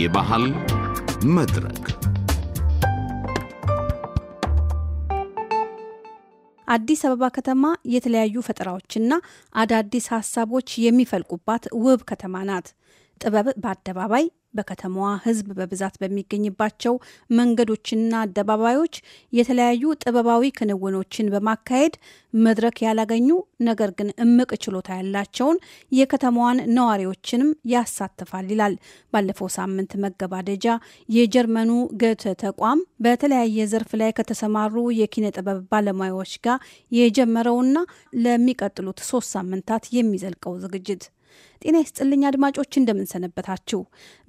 የባህል መድረክ አዲስ አበባ ከተማ የተለያዩ ፈጠራዎችና አዳዲስ ሀሳቦች የሚፈልቁባት ውብ ከተማ ናት። ጥበብ በአደባባይ በከተማዋ ሕዝብ በብዛት በሚገኝባቸው መንገዶችና አደባባዮች የተለያዩ ጥበባዊ ክንውኖችን በማካሄድ መድረክ ያላገኙ ነገር ግን እምቅ ችሎታ ያላቸውን የከተማዋን ነዋሪዎችንም ያሳትፋል ይላል። ባለፈው ሳምንት መገባደጃ የጀርመኑ ገተ ተቋም በተለያየ ዘርፍ ላይ ከተሰማሩ የኪነ ጥበብ ባለሙያዎች ጋር የጀመረውና ለሚቀጥሉት ሶስት ሳምንታት የሚዘልቀው ዝግጅት ጤና ይስጥልኝ አድማጮች እንደምንሰነበታችሁ።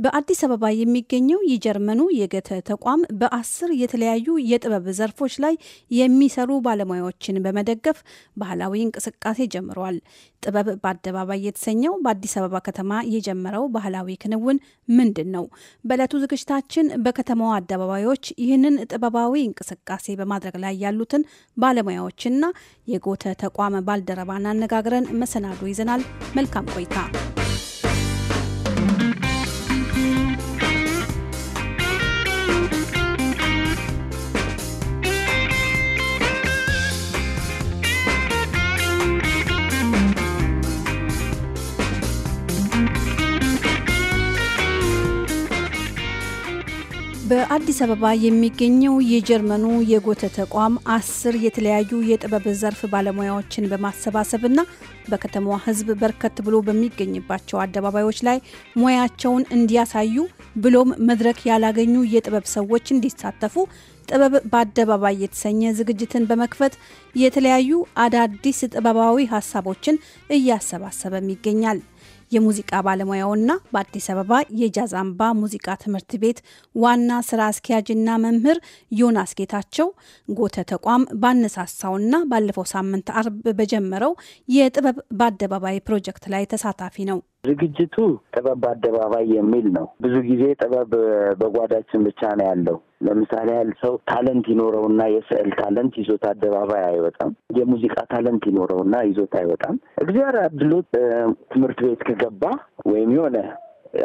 በአዲስ አበባ የሚገኘው የጀርመኑ የገተ ተቋም በአስር የተለያዩ የጥበብ ዘርፎች ላይ የሚሰሩ ባለሙያዎችን በመደገፍ ባህላዊ እንቅስቃሴ ጀምሯል። ጥበብ በአደባባይ የተሰኘው በአዲስ አበባ ከተማ የጀመረው ባህላዊ ክንውን ምንድን ነው? በዕለቱ ዝግጅታችን በከተማዋ አደባባዮች ይህንን ጥበባዊ እንቅስቃሴ በማድረግ ላይ ያሉትን ባለሙያዎችና የጎተ ተቋም ባልደረባን አነጋግረን መሰናዶ ይዘናል። መልካም ቆይታ። በአዲስ አበባ የሚገኘው የጀርመኑ የጎተ ተቋም አስር የተለያዩ የጥበብ ዘርፍ ባለሙያዎችን በማሰባሰብና በከተማዋ ሕዝብ በርከት ብሎ በሚገኝባቸው አደባባዮች ላይ ሙያቸውን እንዲያሳዩ ብሎም መድረክ ያላገኙ የጥበብ ሰዎች እንዲሳተፉ ጥበብ በአደባባይ የተሰኘ ዝግጅትን በመክፈት የተለያዩ አዳዲስ ጥበባዊ ሀሳቦችን እያሰባሰበም ይገኛል። የሙዚቃ ባለሙያውና በአዲስ አበባ የጃዝ አምባ ሙዚቃ ትምህርት ቤት ዋና ስራ አስኪያጅና መምህር ዮናስ ጌታቸው ጎተ ተቋም ባነሳሳውና ባለፈው ሳምንት አርብ በጀመረው የጥበብ በአደባባይ ፕሮጀክት ላይ ተሳታፊ ነው። ዝግጅቱ ጥበብ በአደባባይ የሚል ነው። ብዙ ጊዜ ጥበብ በጓዳችን ብቻ ነው ያለው። ለምሳሌ ያህል ሰው ታለንት ይኖረውና የስዕል ታለንት ይዞት አደባባይ አይወጣም። የሙዚቃ ታለንት ይኖረውና ይዞት አይወጣም። እግዚአብሔር አድሎት ትምህርት ቤት ከገባ ወይም የሆነ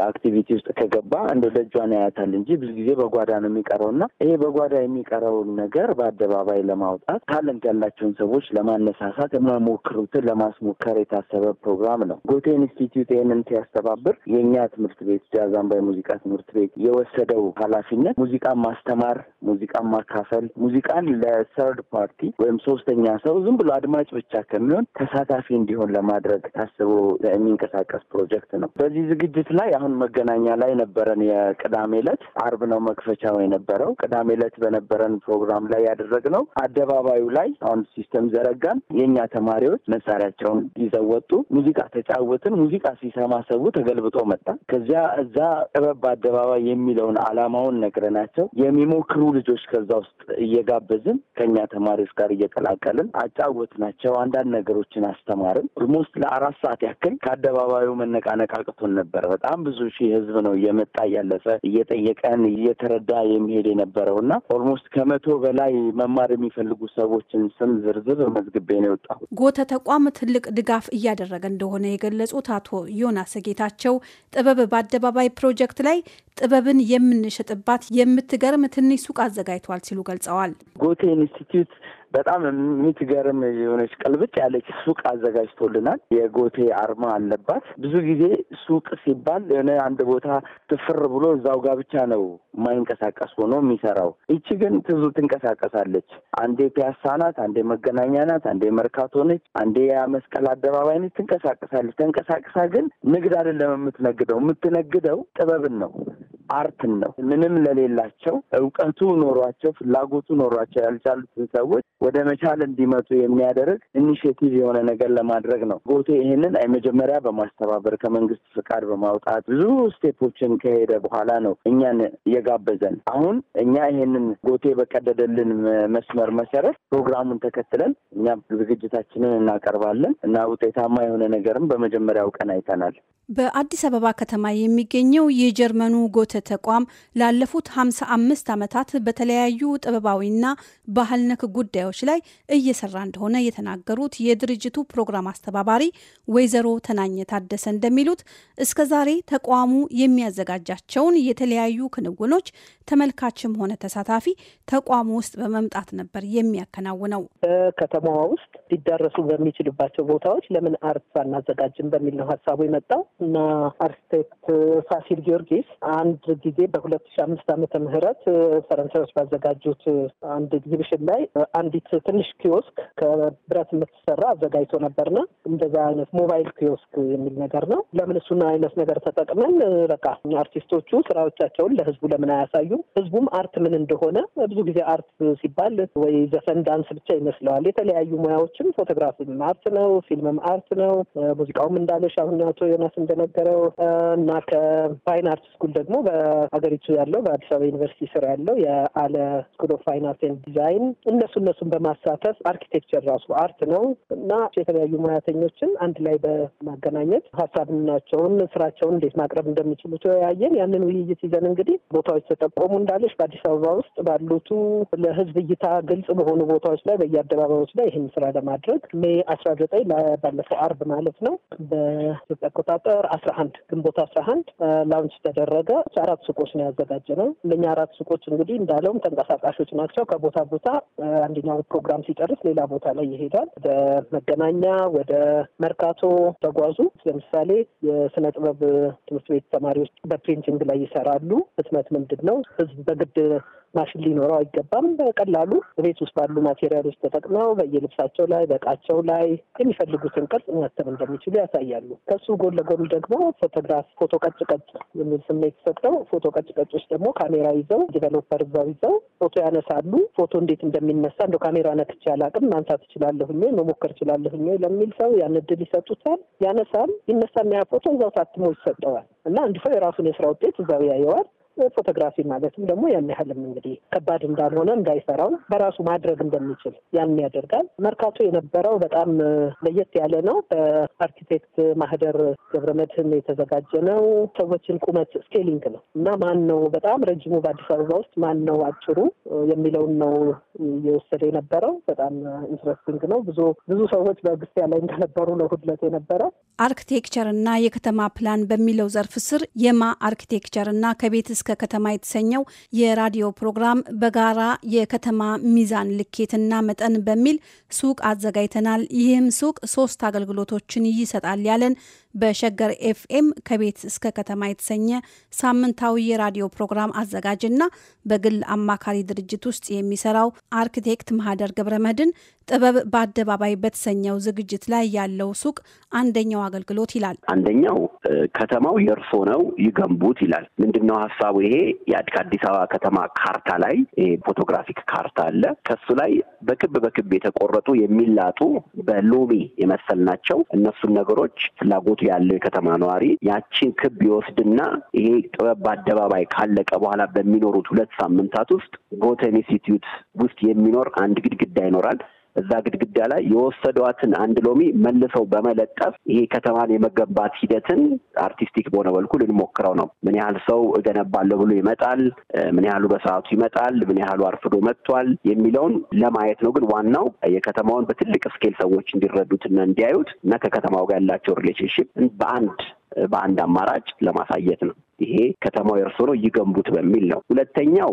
አክቲቪቲ ውስጥ ከገባ እንደ ደጇን ያያታል እንጂ ብዙ ጊዜ በጓዳ ነው የሚቀረው እና ይሄ በጓዳ የሚቀረውን ነገር በአደባባይ ለማውጣት ታለንት ያላቸውን ሰዎች ለማነሳሳት የማይሞክሩትን ለማስሞከር የታሰበ ፕሮግራም ነው። ጎቴ ኢንስቲትዩት ይህንን ሲያስተባብር የእኛ ትምህርት ቤት ጃዛምባ የሙዚቃ ሙዚቃ ትምህርት ቤት የወሰደው ኃላፊነት ሙዚቃን ማስተማር፣ ሙዚቃን ማካፈል፣ ሙዚቃን ለሰርድ ፓርቲ ወይም ሶስተኛ ሰው ዝም ብሎ አድማጭ ብቻ ከሚሆን ተሳታፊ እንዲሆን ለማድረግ ታስቦ የሚንቀሳቀስ ፕሮጀክት ነው። በዚህ ዝግጅት ላይ አሁን መገናኛ ላይ ነበረን የቅዳሜ ዕለት። አርብ ነው መክፈቻው የነበረው። ቅዳሜ ዕለት በነበረን ፕሮግራም ላይ ያደረግነው አደባባዩ ላይ አሁን ሲስተም ዘረጋን። የእኛ ተማሪዎች መሳሪያቸውን ይዘው ወጡ። ሙዚቃ ተጫወትን። ሙዚቃ ሲሰማ ሰው ተገልብጦ መጣ። ከዚያ እዛ ጥበብ በአደባባይ የሚለውን አላማውን ነግረናቸው የሚሞክሩ ልጆች ከዛ ውስጥ እየጋበዝን ከእኛ ተማሪዎች ጋር እየቀላቀልን አጫወትናቸው። አንዳንድ ነገሮችን አስተማርን። ኦልሞስት ለአራት ሰዓት ያክል ከአደባባዩ መነቃነቅ አቅቶን ነበር በጣም ብዙ ሺህ ህዝብ ነው እየመጣ እያለፈ እየጠየቀን እየተረዳ የሚሄድ የነበረው እና ኦልሞስት ከመቶ በላይ መማር የሚፈልጉ ሰዎችን ስም ዝርዝር መዝግቤ ነው የወጣሁ። ጎተ ተቋም ትልቅ ድጋፍ እያደረገ እንደሆነ የገለጹት አቶ ዮናስ ጌታቸው ጥበብ በአደባባይ ፕሮጀክት ላይ ጥበብን የምንሸጥባት የምትገርም ትንሽ ሱቅ አዘጋጅቷል ሲሉ ገልጸዋል። ጎቴ ኢንስቲትዩት በጣም የምትገርም የሆነች ቅልብጭ ያለች ሱቅ አዘጋጅቶልናል። የጎቴ አርማ አለባት። ብዙ ጊዜ ሱቅ ሲባል የሆነ አንድ ቦታ ትፍር ብሎ እዛው ጋር ብቻ ነው የማይንቀሳቀስ ሆኖ የሚሰራው። ይቺ ግን ትዙ ትንቀሳቀሳለች። አንዴ ፒያሳ ናት፣ አንዴ መገናኛ ናት፣ አንዴ መርካቶ ነች፣ አንዴ የመስቀል አደባባይ ነች። ትንቀሳቀሳለች። ተንቀሳቀሳ ግን ንግድ አይደለም የምትነግደው። የምትነግደው ጥበብን ነው። አርትን ነው። ምንም ለሌላቸው እውቀቱ ኖሯቸው ፍላጎቱ ኖሯቸው ያልቻሉትን ሰዎች ወደ መቻል እንዲመጡ የሚያደርግ ኢኒሽቲቭ የሆነ ነገር ለማድረግ ነው። ጎቴ ይህንን መጀመሪያ በማስተባበር ከመንግስት ፍቃድ በማውጣት ብዙ ስቴፖችን ከሄደ በኋላ ነው እኛን እየጋበዘን አሁን እኛ ይሄንን ጎቴ በቀደደልን መስመር መሰረት ፕሮግራሙን ተከትለን እኛ ዝግጅታችንን እናቀርባለን እና ውጤታማ የሆነ ነገርም በመጀመሪያው ቀን አይተናል። በአዲስ አበባ ከተማ የሚገኘው የጀርመኑ ጎተ ተቋም ላለፉት 55 ዓመታት በተለያዩ ጥበባዊና ባህል ነክ ጉዳዮች ላይ እየሰራ እንደሆነ የተናገሩት የድርጅቱ ፕሮግራም አስተባባሪ ወይዘሮ ተናኘ ታደሰ እንደሚሉት እስከዛሬ ተቋሙ የሚያዘጋጃቸውን የተለያዩ ክንውኖች ተመልካችም ሆነ ተሳታፊ ተቋሙ ውስጥ በመምጣት ነበር የሚያከናውነው። በከተማዋ ውስጥ ሊዳረሱ በሚችሉባቸው ቦታዎች ለምን አርት አናዘጋጅም በሚል ነው ሀሳቡ የመጣው እና አርክቴክት ፋሲል ጊዮርጊስ አንድ ጊዜ በሁለት ሺ አምስት ዓመተ ምህረት ፈረንሳዮች ባዘጋጁት አንድ ኤግዚቢሽን ላይ አንዲት ትንሽ ኪዮስክ ከብረት የምትሰራ አዘጋጅቶ ነበርና እንደዛ አይነት ሞባይል ኪዮስክ የሚል ነገር ነው። ለምን እሱን አይነት ነገር ተጠቅመን በቃ አርቲስቶቹ ስራዎቻቸውን ለህዝቡ ለምን አያሳዩም? ህዝቡም አርት ምን እንደሆነ ብዙ ጊዜ አርት ሲባል ወይ ዘፈን፣ ዳንስ ብቻ ይመስለዋል። የተለያዩ ሙያዎችም ፎቶግራፊም አርት ነው፣ ፊልምም አርት ነው፣ ሙዚቃውም እንዳለሽ አሁን አቶ ዮናስ እንደነገረው እና ከፋይን አርት ስኩል ደግሞ በሀገሪቱ ያለው በአዲስ አበባ ዩኒቨርሲቲ ስር ያለው የአለ ስኩል ኦፍ ፋይናንስ ኤንድ ዲዛይን እነሱ እነሱን በማሳተፍ አርኪቴክቸር ራሱ አርት ነው እና የተለያዩ ሙያተኞችን አንድ ላይ በማገናኘት ሀሳብናቸውን ስራቸውን እንዴት ማቅረብ እንደሚችሉ ተወያየን። ያንን ውይይት ይዘን እንግዲህ ቦታዎች ተጠቆሙ። እንዳለች በአዲስ አበባ ውስጥ ባሉቱ ለህዝብ እይታ ግልጽ በሆኑ ቦታዎች ላይ በየአደባባዮች ላይ ይህን ስራ ለማድረግ ሜይ አስራ ዘጠኝ ባለፈው አርብ ማለት ነው በኢትዮጵያ አቆጣጠር አስራ አንድ ግንቦት አስራ አንድ ላውንች ተደረገ። አራት ሱቆች ነው ነው። እነኛ አራት ሱቆች እንግዲህ እንዳለውም ተንቀሳቃሾች ናቸው። ከቦታ ቦታ አንደኛው ፕሮግራም ሲጨርስ ሌላ ቦታ ላይ ይሄዳል። ወደ መገናኛ፣ ወደ መርካቶ ተጓዙ። ለምሳሌ የስነ ጥበብ ትምህርት ቤት ተማሪዎች በፕሪንቲንግ ላይ ይሰራሉ። ህትመት ምንድን ነው ህዝብ በግድ ማሽን ሊኖረው አይገባም። በቀላሉ ቤት ውስጥ ባሉ ማቴሪያሎች ተጠቅመው በየልብሳቸው ላይ በእቃቸው ላይ የሚፈልጉትን ቅርጽ ማተም እንደሚችሉ ያሳያሉ። ከሱ ጎን ለጎን ደግሞ ፎቶግራፍ ፎቶ ቀጭ ቀጭ የሚል ስሜት ሰጠው። ፎቶ ቀጭ ቀጮች ደግሞ ካሜራ ይዘው ዲቨሎፐር እዛው ይዘው ፎቶ ያነሳሉ። ፎቶ እንዴት እንደሚነሳ እንደ ካሜራ ነክቼ አላቅም ማንሳት እችላለሁኝ መሞከር እችላለሁኝ ለሚል ሰው ያን እድል ይሰጡታል። ያነሳል። ይነሳና ያ ፎቶ እዛው ታትሞ ይሰጠዋል እና አንድ ሰው የራሱን የስራ ውጤት እዛው ያየዋል። ፎቶግራፊ ማለትም ደግሞ ያን ያህልም እንግዲህ ከባድ እንዳልሆነ እንዳይሰራው በራሱ ማድረግ እንደሚችል ያን ያደርጋል። መርካቶ የነበረው በጣም ለየት ያለ ነው። በአርኪቴክት ማህደር ገብረመድህን የተዘጋጀ ነው። ሰዎችን ቁመት ስኬሊንግ ነው እና ማን ነው በጣም ረጅሙ በአዲስ አበባ ውስጥ ማን ነው አጭሩ የሚለውን ነው እየወሰደ የነበረው። በጣም ኢንትረስቲንግ ነው። ብዙ ብዙ ሰዎች በግስቲያ ላይ እንደነበሩ ነው ሁድለት የነበረው። አርኪቴክቸር እና የከተማ ፕላን በሚለው ዘርፍ ስር የማ አርኪቴክቸር እና ከቤት እስከ እስከ ከተማ የተሰኘው የራዲዮ ፕሮግራም በጋራ የከተማ ሚዛን ልኬትና መጠን በሚል ሱቅ አዘጋጅተናል። ይህም ሱቅ ሶስት አገልግሎቶችን ይሰጣል ያለን በሸገር ኤፍኤም ከቤት እስከ ከተማ የተሰኘ ሳምንታዊ የራዲዮ ፕሮግራም አዘጋጅና በግል አማካሪ ድርጅት ውስጥ የሚሰራው አርኪቴክት ማህደር ገብረመድን ጥበብ በአደባባይ በተሰኘው ዝግጅት ላይ ያለው ሱቅ አንደኛው አገልግሎት ይላል። አንደኛው ከተማው የእርሶ ነው ይገንቡት ይላል። ምንድነው ሀሳቡ? ሀሳቡ ይሄ ከአዲስ አበባ ከተማ ካርታ ላይ ፎቶግራፊክ ካርታ አለ። ከሱ ላይ በክብ በክብ የተቆረጡ የሚላጡ በሎሚ የመሰል ናቸው። እነሱን ነገሮች ፍላጎቱ ያለው የከተማ ነዋሪ ያችን ክብ ይወስድና ይሄ ጥበብ በአደባባይ ካለቀ በኋላ በሚኖሩት ሁለት ሳምንታት ውስጥ ጎተን ኢንስቲትዩት ውስጥ የሚኖር አንድ ግድግዳ ይኖራል። እዛ ግድግዳ ላይ የወሰዷትን አንድ ሎሚ መልሰው በመለጠፍ ይሄ ከተማን የመገንባት ሂደትን አርቲስቲክ በሆነ መልኩ ልንሞክረው ነው። ምን ያህል ሰው እገነባለሁ ብሎ ይመጣል፣ ምን ያህሉ በሰዓቱ ይመጣል፣ ምን ያህሉ አርፍዶ መጥቷል የሚለውን ለማየት ነው። ግን ዋናው የከተማውን በትልቅ ስኬል ሰዎች እንዲረዱትና እንዲያዩት እና ከከተማው ጋር ያላቸው ሪሌሽንሽፕ በአንድ በአንድ አማራጭ ለማሳየት ነው። ይሄ ከተማው የእርስዎ ነው ይገንቡት በሚል ነው። ሁለተኛው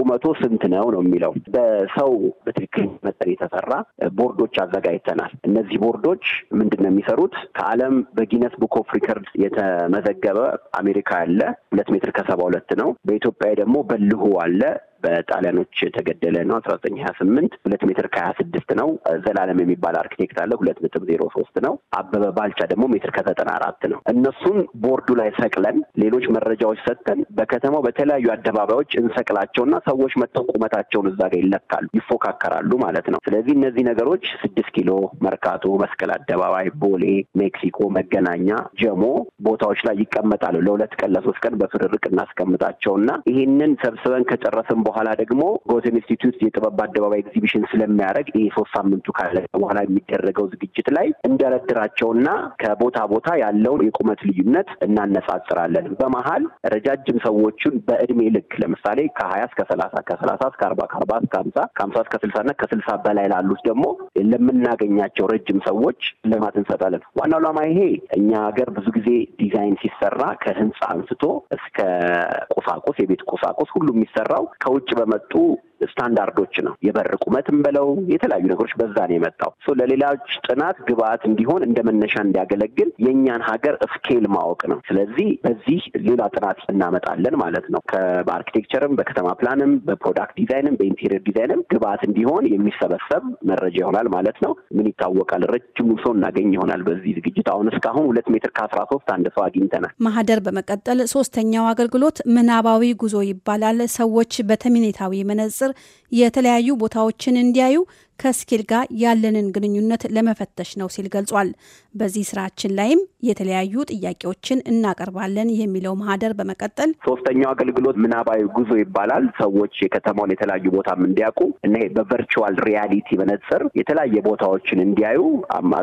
ቁመቱ ስንት ነው ነው የሚለው በሰው በትክክል መጠን የተሰራ ቦርዶች አዘጋጅተናል። እነዚህ ቦርዶች ምንድን ነው የሚሰሩት? ከዓለም በጊነስ ቡክ ኦፍ ሪከርድ የተመዘገበ አሜሪካ ያለ ሁለት ሜትር ከሰባ ሁለት ነው። በኢትዮጵያ ደግሞ በልሁ አለ በጣሊያኖች የተገደለ ነው። አስራ ዘጠኝ ሀያ ስምንት ሁለት ሜትር ከሀያ ስድስት ነው። ዘላለም የሚባል አርኪቴክት አለ። ሁለት ነጥብ ዜሮ ሶስት ነው። አበበ ባልቻ ደግሞ ሜትር ከዘጠና አራት ነው። እነሱን ቦርዱ ላይ ሰቅለን ሌሎች መረጃዎች ሰጥተን በከተማው በተለያዩ አደባባዮች እንሰቅላቸውና ሰዎች መጥተው ቁመታቸውን እዛ ጋር ይለካሉ፣ ይፎካከራሉ ማለት ነው። ስለዚህ እነዚህ ነገሮች ስድስት ኪሎ፣ መርካቶ፣ መስቀል አደባባይ፣ ቦሌ፣ ሜክሲኮ፣ መገናኛ፣ ጀሞ ቦታዎች ላይ ይቀመጣሉ። ለሁለት ቀን ለሶስት ቀን በፍርርቅ እናስቀምጣቸውና ይህንን ሰብስበን ከጨረስን በኋላ በኋላ ደግሞ ጎተን ኢንስቲትዩት የጥበብ አደባባይ ኤግዚቢሽን ስለሚያደርግ ይህ ሶስት ሳምንቱ ካለ በኋላ የሚደረገው ዝግጅት ላይ እንደረድራቸውና ከቦታ ቦታ ያለውን የቁመት ልዩነት እናነጻጽራለን። በመሀል ረጃጅም ሰዎቹን በእድሜ ልክ ለምሳሌ ከሀያ እስከ ሰላሳ ከሰላሳ እስከ አርባ ከአርባ እስከ ሀምሳ ከሀምሳ እስከ ስልሳ እና ከስልሳ በላይ ላሉት ደግሞ ለምናገኛቸው ረጅም ሰዎች ልማት እንሰጣለን። ዋናው ዓላማ ይሄ እኛ ሀገር ብዙ ጊዜ ዲዛይን ሲሰራ ከህንፃ አንስቶ እስከ ቁሳቁስ የቤት ቁሳቁስ ሁሉ የሚሰራው ከውጭ última, mas tu ስታንዳርዶች ነው። የበር ቁመትም በለው የተለያዩ ነገሮች በዛ ነው የመጣው። ለሌላች ጥናት ግብአት እንዲሆን እንደ መነሻ እንዲያገለግል የእኛን ሀገር ስኬል ማወቅ ነው። ስለዚህ በዚህ ሌላ ጥናት እናመጣለን ማለት ነው። በአርኪቴክቸርም፣ በከተማ ፕላንም፣ በፕሮዳክት ዲዛይንም፣ በኢንቴሪየር ዲዛይንም ግብአት እንዲሆን የሚሰበሰብ መረጃ ይሆናል ማለት ነው። ምን ይታወቃል ረጅሙ ሰው እናገኝ ይሆናል በዚህ ዝግጅት። አሁን እስካሁን ሁለት ሜትር ከአስራ ሶስት አንድ ሰው አግኝተናል። ማህደር በመቀጠል ሶስተኛው አገልግሎት ምናባዊ ጉዞ ይባላል። ሰዎች በተሚኔታዊ መነጽ ስር የተለያዩ ቦታዎችን እንዲያዩ ከስኪል ጋር ያለንን ግንኙነት ለመፈተሽ ነው ሲል ገልጿል። በዚህ ስራችን ላይም የተለያዩ ጥያቄዎችን እናቀርባለን የሚለው ማህደር በመቀጠል ሶስተኛው አገልግሎት ምናባዊ ጉዞ ይባላል። ሰዎች የከተማውን የተለያዩ ቦታም እንዲያውቁ እና በቨርቹዋል ሪያሊቲ መነጽር የተለያየ ቦታዎችን እንዲያዩ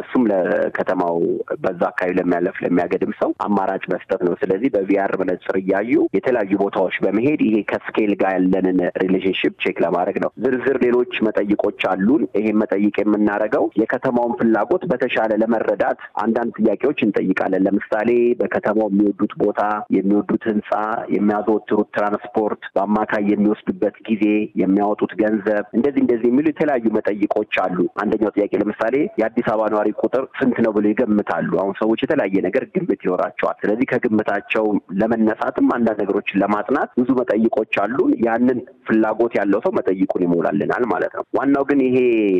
እሱም ለከተማው በዛ አካባቢ ለሚያለፍ ለሚያገድም ሰው አማራጭ መስጠት ነው። ስለዚህ በቪአር መነጽር እያዩ የተለያዩ ቦታዎች በመሄድ ይሄ ከስኬል ጋር ያለንን ሪሌሽንሽፕ ቼክ ለማድረግ ነው። ዝርዝር ሌሎች መጠይቆች አሉ። አሁን ይሄን መጠይቅ የምናደርገው የከተማውን ፍላጎት በተሻለ ለመረዳት አንዳንድ ጥያቄዎች እንጠይቃለን። ለምሳሌ በከተማው የሚወዱት ቦታ፣ የሚወዱት ህንፃ፣ የሚያዘወትሩት ትራንስፖርት፣ በአማካይ የሚወስዱበት ጊዜ፣ የሚያወጡት ገንዘብ፣ እንደዚህ እንደዚህ የሚሉ የተለያዩ መጠይቆች አሉ። አንደኛው ጥያቄ ለምሳሌ የአዲስ አበባ ነዋሪ ቁጥር ስንት ነው ብሎ ይገምታሉ። አሁን ሰዎች የተለያየ ነገር ግምት ይኖራቸዋል። ስለዚህ ከግምታቸው ለመነሳትም አንዳንድ ነገሮችን ለማጥናት ብዙ መጠይቆች አሉን። ያንን ፍላጎት ያለው ሰው መጠይቁን ይሞላልናል ማለት ነው። ዋናው ግን ይሄ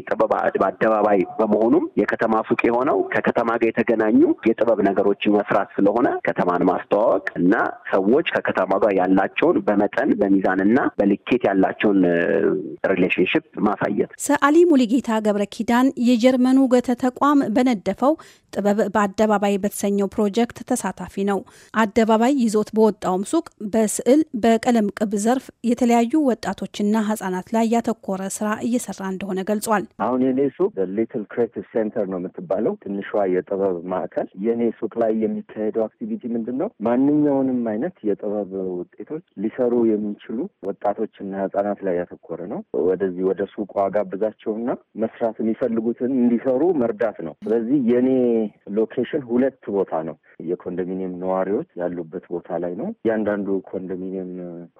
ጥበብ በአደባባይ በመሆኑም የከተማ ሱቅ የሆነው ከከተማ ጋር የተገናኙ የጥበብ ነገሮችን መስራት ስለሆነ ከተማን ማስተዋወቅ እና ሰዎች ከከተማ ጋር ያላቸውን በመጠን በሚዛንና በልኬት ያላቸውን ሪሌሽንሽፕ ማሳየት። ሰአሊ ሙሊጌታ ገብረ ኪዳን የጀርመኑ ገተ ተቋም በነደፈው ጥበብ በአደባባይ በተሰኘው ፕሮጀክት ተሳታፊ ነው። አደባባይ ይዞት በወጣውም ሱቅ በስዕል በቀለም ቅብ ዘርፍ የተለያዩ ወጣቶችና ህጻናት ላይ ያተኮረ ስራ እየሰራ እንደሆነ ገልጿል። ገልጿል። አሁን የኔ ሱቅ ሊትል ክሬቲቭ ሴንተር ነው የምትባለው ትንሿ የጥበብ ማዕከል። የኔ ሱቅ ላይ የሚካሄደው አክቲቪቲ ምንድን ነው? ማንኛውንም አይነት የጥበብ ውጤቶች ሊሰሩ የሚችሉ ወጣቶችና ህጻናት ላይ ያተኮረ ነው። ወደዚህ ወደ ሱቁ አጋብዛቸውና መስራት የሚፈልጉትን እንዲሰሩ መርዳት ነው። ስለዚህ የኔ ሎኬሽን ሁለት ቦታ ነው። የኮንዶሚኒየም ነዋሪዎች ያሉበት ቦታ ላይ ነው። እያንዳንዱ ኮንዶሚኒየም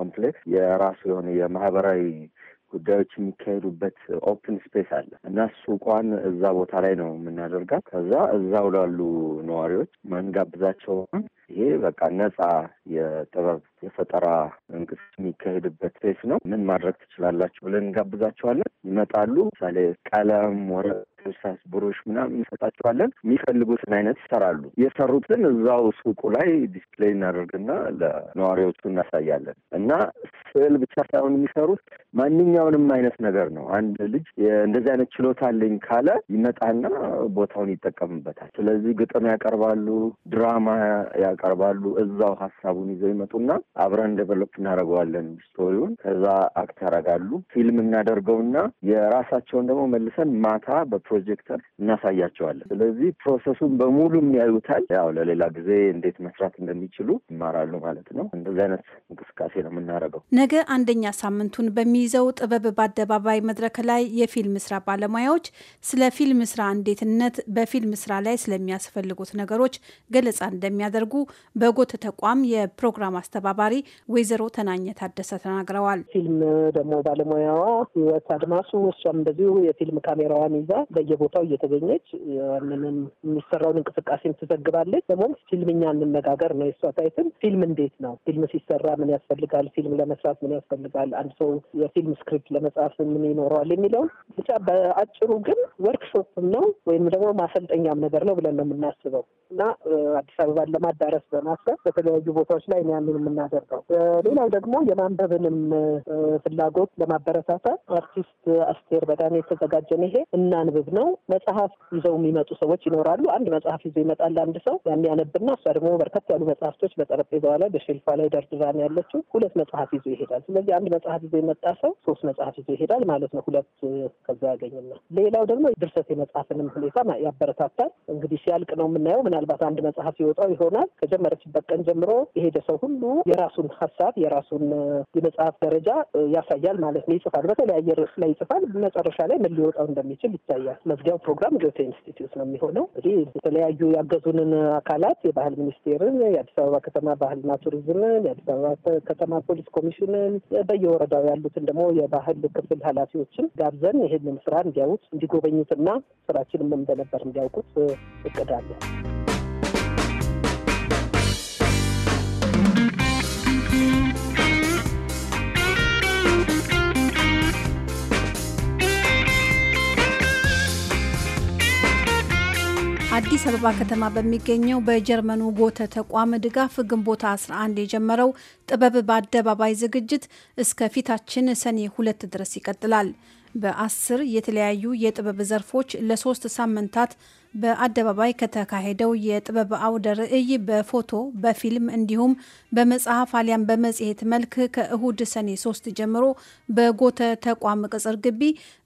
ኮምፕሌክስ የራሱ የሆነ የማህበራዊ ጉዳዮች የሚካሄዱበት ኦፕን ስፔስ አለ እና ሱቋን እዛ ቦታ ላይ ነው የምናደርጋት። ከዛ እዛው ላሉ ነዋሪዎች መንጋብዛቸው ይሄ በቃ ነጻ የጥበብ የፈጠራ መንግስት የሚካሄድበት ፌስ ነው። ምን ማድረግ ትችላላችሁ ብለን እንጋብዛቸዋለን። ይመጣሉ። ምሳሌ ቀለም፣ ወረቀት፣ እርሳስ፣ ብሩሽ ምናምን እንሰጣቸዋለን። የሚፈልጉትን አይነት ይሰራሉ። የሰሩትን እዛው ሱቁ ላይ ዲስፕሌይ እናደርግና ለነዋሪዎቹ እናሳያለን እና ስዕል ብቻ ሳይሆን የሚሰሩት ማንኛውንም አይነት ነገር ነው። አንድ ልጅ እንደዚህ አይነት ችሎታ አለኝ ካለ ይመጣና ቦታውን ይጠቀምበታል። ስለዚህ ግጥም ያቀርባሉ፣ ድራማ ያቀርባሉ። እዛው ሀሳቡን ይዘው ይመጡና አብረን ዴቨሎፕ እናደርገዋለን ስቶሪውን። ከዛ አክት ያደርጋሉ ፊልም እናደርገውና የራሳቸውን ደግሞ መልሰን ማታ በፕሮጀክተር እናሳያቸዋለን። ስለዚህ ፕሮሰሱን በሙሉም ያዩታል። ያው ለሌላ ጊዜ እንዴት መስራት እንደሚችሉ ይማራሉ ማለት ነው። እንደዚህ አይነት እንቅስቃሴ ነው የምናደርገው። ነገ አንደኛ ሳምንቱን በሚይዘው ጥበብ በአደባባይ መድረክ ላይ የፊልም ስራ ባለሙያዎች ስለ ፊልም ስራ እንዴትነት፣ በፊልም ስራ ላይ ስለሚያስፈልጉት ነገሮች ገለጻ እንደሚያደርጉ በጎተ ተቋም የፕሮግራም አስተባባ አስተባባሪ ወይዘሮ ተናኘ ታደሰ ተናግረዋል። ፊልም ደግሞ ባለሙያዋ ህይወት አድማሱ እሷም እንደዚሁ የፊልም ካሜራዋን ይዛ በየቦታው እየተገኘች ያንንም የሚሰራውን እንቅስቃሴም ትዘግባለች። ደግሞም ፊልምኛ እንነጋገር ነው የእሷ ታይትል። ፊልም እንዴት ነው ፊልም ሲሰራ ምን ያስፈልጋል፣ ፊልም ለመስራት ምን ያስፈልጋል፣ አንድ ሰው የፊልም ስክሪፕት ለመጻፍ ምን ይኖረዋል የሚለውን ብቻ በአጭሩ ግን ወርክሾፕም ነው ወይም ደግሞ ማሰልጠኛም ነገር ነው ብለን ነው የምናስበው እና አዲስ አበባን ለማዳረስ በማሰብ በተለያዩ ቦታዎች ላይ ያንን የምና የምናደርገው። ሌላው ደግሞ የማንበብንም ፍላጎት ለማበረታታት አርቲስት አስቴር በጣም የተዘጋጀ ይሄ እናንብብ ነው። መጽሐፍ ይዘው የሚመጡ ሰዎች ይኖራሉ። አንድ መጽሐፍ ይዞ ይመጣል አንድ ሰው ያን ያነብና፣ እሷ ደግሞ በርከት ያሉ መጽሐፍቶች በጠረጴዛዋ ላይ በሼልፏ ላይ ደርድራ ነው ያለችው። ሁለት መጽሐፍ ይዞ ይሄዳል። ስለዚህ አንድ መጽሐፍ ይዞ የመጣ ሰው ሶስት መጽሐፍ ይዞ ይሄዳል ማለት ነው። ሁለት ከዛ ያገኝና ሌላው ደግሞ ድርሰት የመጽሐፍንም ሁኔታ ያበረታታል። እንግዲህ ሲያልቅ ነው የምናየው። ምናልባት አንድ መጽሐፍ ይወጣው ይሆናል። ከጀመረችበት ቀን ጀምሮ የሄደ ሰው ሁሉ የራሱን ሀሳብ የራሱን የመጽሐፍ ደረጃ ያሳያል ማለት ነው። ይጽፋል፣ በተለያየ ርዕስ ላይ ይጽፋል። መጨረሻ ላይ ምን ሊወጣው እንደሚችል ይታያል። መዝጊያው ፕሮግራም ጆቴ ኢንስቲትዩት ነው የሚሆነው። እንግዲህ የተለያዩ ያገዙንን አካላት የባህል ሚኒስቴርን፣ የአዲስ አበባ ከተማ ባህልና ቱሪዝምን፣ የአዲስ አበባ ከተማ ፖሊስ ኮሚሽንን፣ በየወረዳው ያሉትን ደግሞ የባህል ክፍል ኃላፊዎችን ጋብዘን ይህንን ስራ እንዲያዩት እንዲጎበኙትና ስራችንም እንደነበር እንዲያውቁት እቅዳለን። አዲስ አበባ ከተማ በሚገኘው በጀርመኑ ጎተ ተቋም ድጋፍ ግንቦት 11 የጀመረው ጥበብ በአደባባይ ዝግጅት እስከ ፊታችን ሰኔ ሁለት ድረስ ይቀጥላል። በአስር የተለያዩ የጥበብ ዘርፎች ለሶስት ሳምንታት በአደባባይ ከተካሄደው የጥበብ አውደ ርዕይ በፎቶ በፊልም እንዲሁም በመጽሐፍ አሊያም በመጽሔት መልክ ከእሁድ ሰኔ ሶስት ጀምሮ በጎተ ተቋም ቅጽር ግቢ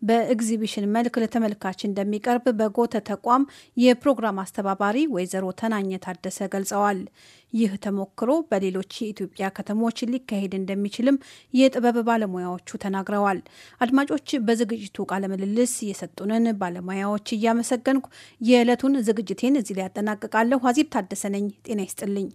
በኤግዚቢሽን መልክ ለተመልካች እንደሚቀርብ በጎተ ተቋም የፕሮግራም አስተባባሪ ወይዘሮ ተናኘ ታደሰ ገልጸዋል። ይህ ተሞክሮ በሌሎች የኢትዮጵያ ከተሞች ሊካሄድ እንደሚችልም የጥበብ ባለሙያዎቹ ተናግረዋል። አድማጮች፣ በዝግጅቱ ቃለምልልስ የሰጡንን ባለሙያዎች እያመሰገንኩ የዕለቱን ዝግጅቴን እዚህ ላይ ያጠናቅቃለሁ። አዜብ ታደሰ ነኝ። ጤና ይስጥልኝ።